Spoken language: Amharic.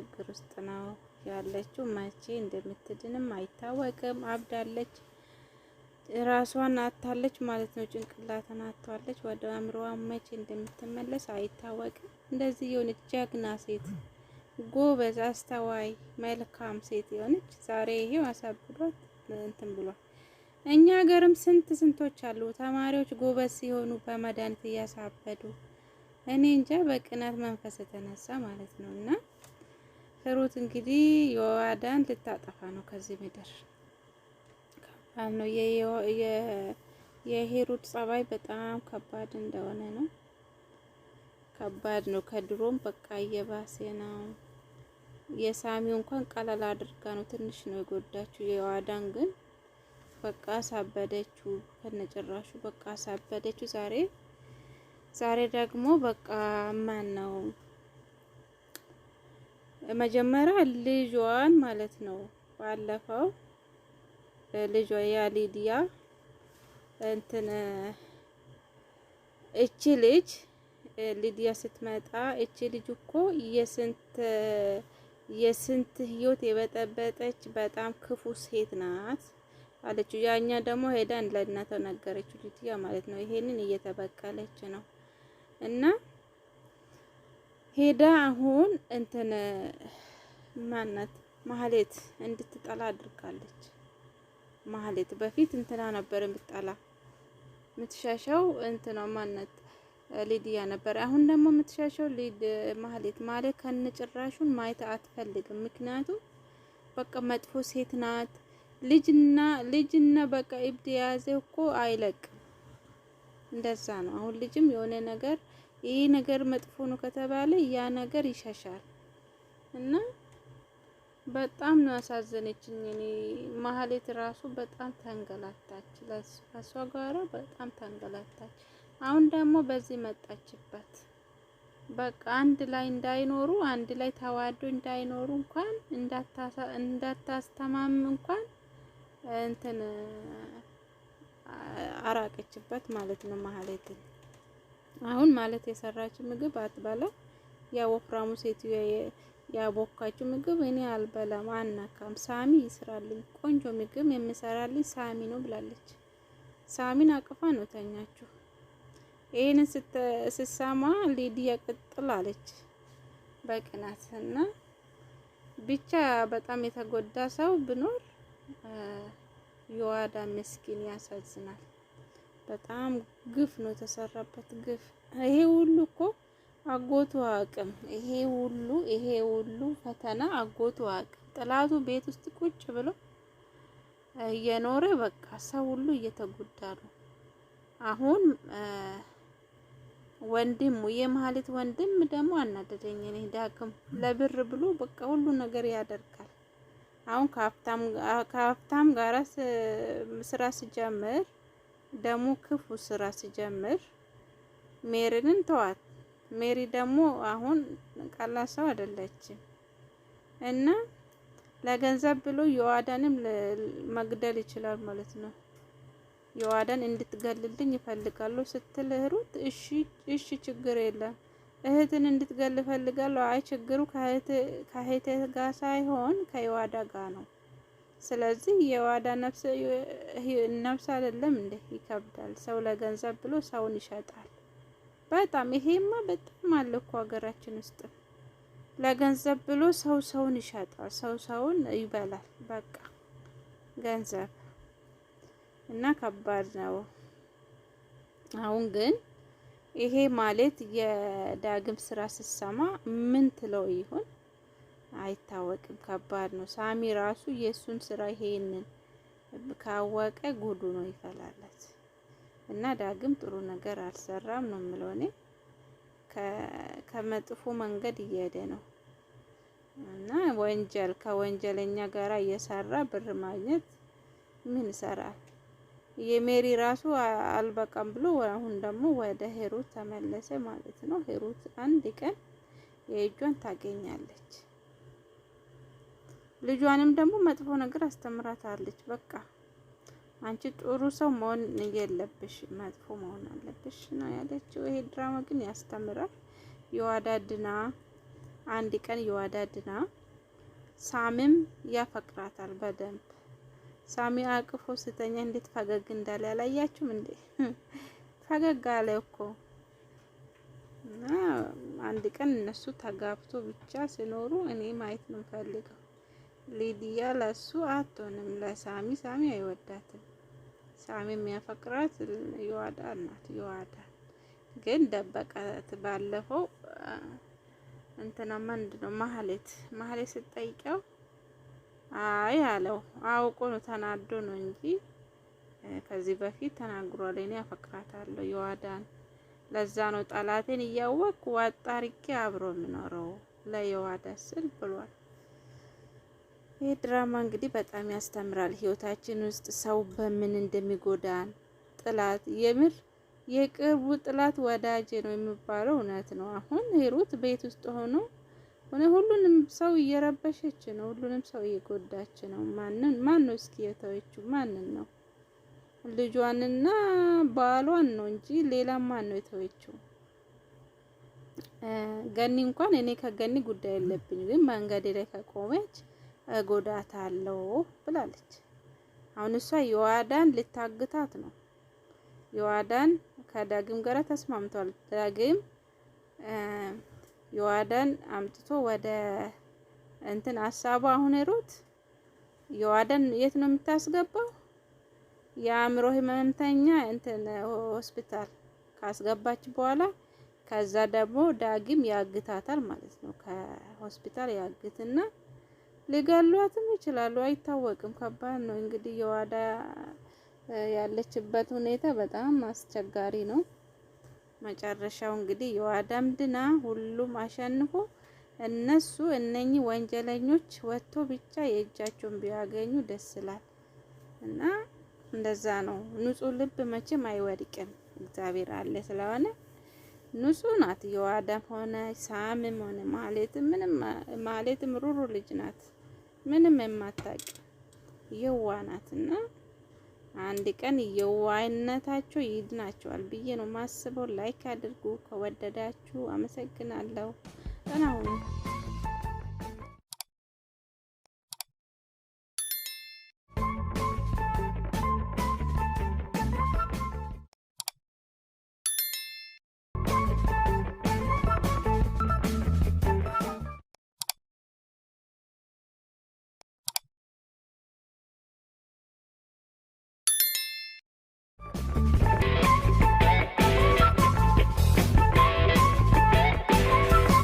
ችግር ውስጥ ነው ያለችው። መቼ እንደምትድንም አይታወቅም። አብዳለች፣ ራሷን አታለች ማለት ነው። ጭንቅላትን አታለች። ወደ አእምሮዋ መቼ እንደምትመለስ አይታወቅም። እንደዚህ የሆነች ጀግና ሴት፣ ጎበዝ፣ አስተዋይ፣ መልካም ሴት የሆነች ዛሬ ይሄው አሳብዷት እንትን ብሏል። እኛ ሀገርም ስንት ስንቶች አሉ ተማሪዎች ጎበዝ ሲሆኑ በመድኃኒት እያሳበዱ እኔ እንጃ በቅናት መንፈስ የተነሳ ማለት ነው እና ሩት እንግዲህ የዋዳን ልታጠፋ ነው ከዚህ ምድር ከባድ ነው። የሄሩት ጸባይ በጣም ከባድ እንደሆነ ነው። ከባድ ነው። ከድሮም በቃ እየባሴ ነው። የሳሚው እንኳን ቀለል አድርጋ ነው ትንሽ ነው የጎዳችው። የዋዳን ግን በቃ ሳበደችው ከነጭራሹ በቃ ሳበደችው። ዛሬ ዛሬ ደግሞ በቃ ማን ነው መጀመሪያ ልጇን ማለት ነው። ባለፈው ልጇ ያ ሊዲያ እንትን እቺ ልጅ ሊዲያ ስትመጣ እቺ ልጅ እኮ የስንት የስንት ህይወት የበጠበጠች በጣም ክፉ ሴት ናት አለችው። ያኛ ደግሞ ሄዳን ለእናተው ነገረችው፣ ልትያ ማለት ነው። ይሄንን እየተበቀለች ነው እና ሄዳ አሁን እንትን ማናት ማህሌት እንድትጠላ አድርጋለች። ማህሌት በፊት እንትና ነበር የምትጠላ የምትሻሻው እንትና ማናት ሊዲያ ነበር። አሁን ደግሞ የምትሻሻው ሊድ ማህሌት ማለት ከነጭራሹን ማየት አትፈልግም። ምክንያቱም በቃ መጥፎ ሴት ናት። ልጅና ልጅና በቃ እብድ የያዘ እኮ አይለቅም። እንደዛ ነው። አሁን ልጅም የሆነ ነገር ይህ ነገር መጥፎ ነው ከተባለ ያ ነገር ይሸሻል እና በጣም ነው ያሳዘነችኝ። እኔ ማህሌት ራሱ በጣም ተንገላታች፣ ከሷ ጋራ በጣም ተንገላታች። አሁን ደግሞ በዚህ መጣችበት። በቃ አንድ ላይ እንዳይኖሩ አንድ ላይ ተዋዶ እንዳይኖሩ እንኳን እንዳታስተማም እንኳን እንትን አራቀችበት ማለት ነው ማህሌትን አሁን ማለት የሰራችው ምግብ አትበላ። ያ ወፍራሙ ሴትዮ ያቦካችው ምግብ እኔ አልበላም አናካም፣ ሳሚ ይስራልኝ፣ ቆንጆ ምግብ የምሰራልኝ ሳሚ ነው ብላለች። ሳሚን አቅፋ ነው ተኛችሁ። ይህንን ስሰማ ሊዲያ ቅጥል አለች በቅናት እና ብቻ በጣም የተጎዳ ሰው ብኖር የዋዳ ምስኪን ያሳዝናል። በጣም ግፍ ነው የተሰራበት ግፍ። ይሄ ሁሉ እኮ አጎቱ አቅም ይሄ ሁሉ ይሄ ሁሉ ፈተና አጎቱ አቅም ጥላቱ ቤት ውስጥ ቁጭ ብሎ እየኖረ በቃ ሰው ሁሉ እየተጎዳ ነው። አሁን ወንድሙ የማህሌት ወንድም ደግሞ አናደደኝ። እኔ ዳግም ለብር ብሎ በቃ ሁሉ ነገር ያደርጋል። አሁን ከሀብታም ጋራ ስራ ስጀምር ደግሞ ክፉ ስራ ሲጀምር ሜሪንን ተዋት። ሜሪ ደግሞ አሁን ቀላ ሰው አይደለችም እና ለገንዘብ ብሎ የዋዳንም መግደል ይችላል ማለት ነው። የዋዳን እንድትገልልኝ ይፈልጋሉ ስትል ሩት እሺ እሺ ችግር የለም እህትን እንድትገል እፈልጋለሁ። አይ ችግሩ ከእህት ጋር ሳይሆን ከየዋዳ ጋር ነው ስለዚህ የዋዳ ነፍስ አይደለም እንዴ? ይከብዳል። ሰው ለገንዘብ ብሎ ሰውን ይሸጣል። በጣም ይሄማ በጣም አለ እኮ ሀገራችን ውስጥ ለገንዘብ ብሎ ሰው ሰውን ይሸጣል። ሰው ሰውን ይበላል። በቃ ገንዘብ እና ከባድ ነው። አሁን ግን ይሄ ማለት የዳግም ስራ ስሰማ ምን ትለው ይሆን? አይታወቅም። ከባድ ነው። ሳሚ ራሱ የእሱን ስራ ይሄንን ካወቀ ጉዱ ነው ይፈላላት እና ዳግም ጥሩ ነገር አልሰራም ነው የምለው እኔ ከመጥፎ መንገድ እየሄደ ነው እና ወንጀል ከወንጀለኛ ጋር እየሰራ ብር ማግኘት ምን ይሰራል? የሜሪ ራሱ አልበቃም ብሎ አሁን ደግሞ ወደ ሄሩት ተመለሰ ማለት ነው። ሄሩት አንድ ቀን የእጇን ታገኛለች። ልጇንም ደግሞ መጥፎ ነገር አስተምራታለች። በቃ አንቺ ጥሩ ሰው መሆን የለብሽ መጥፎ መሆን አለብሽ ነው ያለችው። ይሄ ድራማ ግን ያስተምራል። የዋዳድና አንድ ቀን የዋዳድና ሳሚም ያፈቅራታል በደንብ ሳሚ አቅፎ ስተኛ እንዴት ፈገግ እንዳለ ያላያችሁም እንዴ? ፈገግ አለ እኮ እና አንድ ቀን እነሱ ተጋብቶ ብቻ ሲኖሩ እኔ ማየት ነው ፈልገው ሊዲያ ለሱ አትሆንም። ለሳሚ ሳሚ አይወዳትም። ሳሚ የሚያፈቅራት የዋዳ ናት። የዋዳ ግን ደበቀት። ባለፈው እንትና ምንድ ነው ማህሌት ማህሌት ስጠይቀው አይ አለው አውቆ ነው ተናዶ ነው እንጂ ከዚህ በፊት ተናግሯል። እኔ አፈቅራታለሁ የዋዳን ለዛ ነው ጠላቴን እያወቅ ዋጣ ርቄ አብሮ የምኖረው ለየዋዳ ስል ብሏል። ይህ ድራማ እንግዲህ በጣም ያስተምራል። ህይወታችን ውስጥ ሰው በምን እንደሚጎዳን ጥላት የምር የቅርቡ ጥላት ወዳጅ ነው የሚባለው እውነት ነው። አሁን ሄሩት ቤት ውስጥ ሆኖ ሆነ ሁሉንም ሰው እየረበሸች ነው፣ ሁሉንም ሰው እየጎዳች ነው። ማንን ማን ነው እስኪ የተወችው? ማንን ነው? ልጇንና ባሏን ነው እንጂ ሌላ ማን ነው የተወችው? ገኒ እንኳን እኔ ከገኒ ጉዳይ የለብኝ፣ ግን መንገዴ ላይ ከቆመች እጎዳት አለው ብላለች። አሁን እሷ የዋዳን ልታግታት ነው። የዋዳን ከዳግም ጋር ተስማምቷል። ዳግም የዋዳን አምጥቶ ወደ እንትን አሳባ አሁን ሩት የዋዳን የት ነው የምታስገባው? የአእምሮ ህመምተኛ እንትን ሆስፒታል ካስገባች በኋላ ከዛ ደግሞ ዳግም ያግታታል ማለት ነው። ከሆስፒታል ያግትና ሊገሏትም ይችላሉ፣ አይታወቅም። ከባድ ነው እንግዲህ የዋዳ ያለችበት ሁኔታ በጣም አስቸጋሪ ነው። መጨረሻው እንግዲህ የዋዳም ድና ሁሉም አሸንፎ እነሱ እነኚህ ወንጀለኞች ወጥቶ ብቻ የእጃቸውን ቢያገኙ ደስ ይላል እና እንደዛ ነው። ንጹህ ልብ መቼም አይወድቅም። እግዚአብሔር አለ ስለሆነ ንጹህ ናት። የዋዳም ሆነ ሳምም ሆነ ማለትም ምንም ማለትም ሩሩ ልጅ ናት። ምንም የማታውቅ የዋ እና አንድ ቀን የዋይነታቸው ይድናቸዋል ብዬ ነው ማስበው። ላይክ አድርጉ ከወደዳችሁ። አመሰግናለሁ። ጤና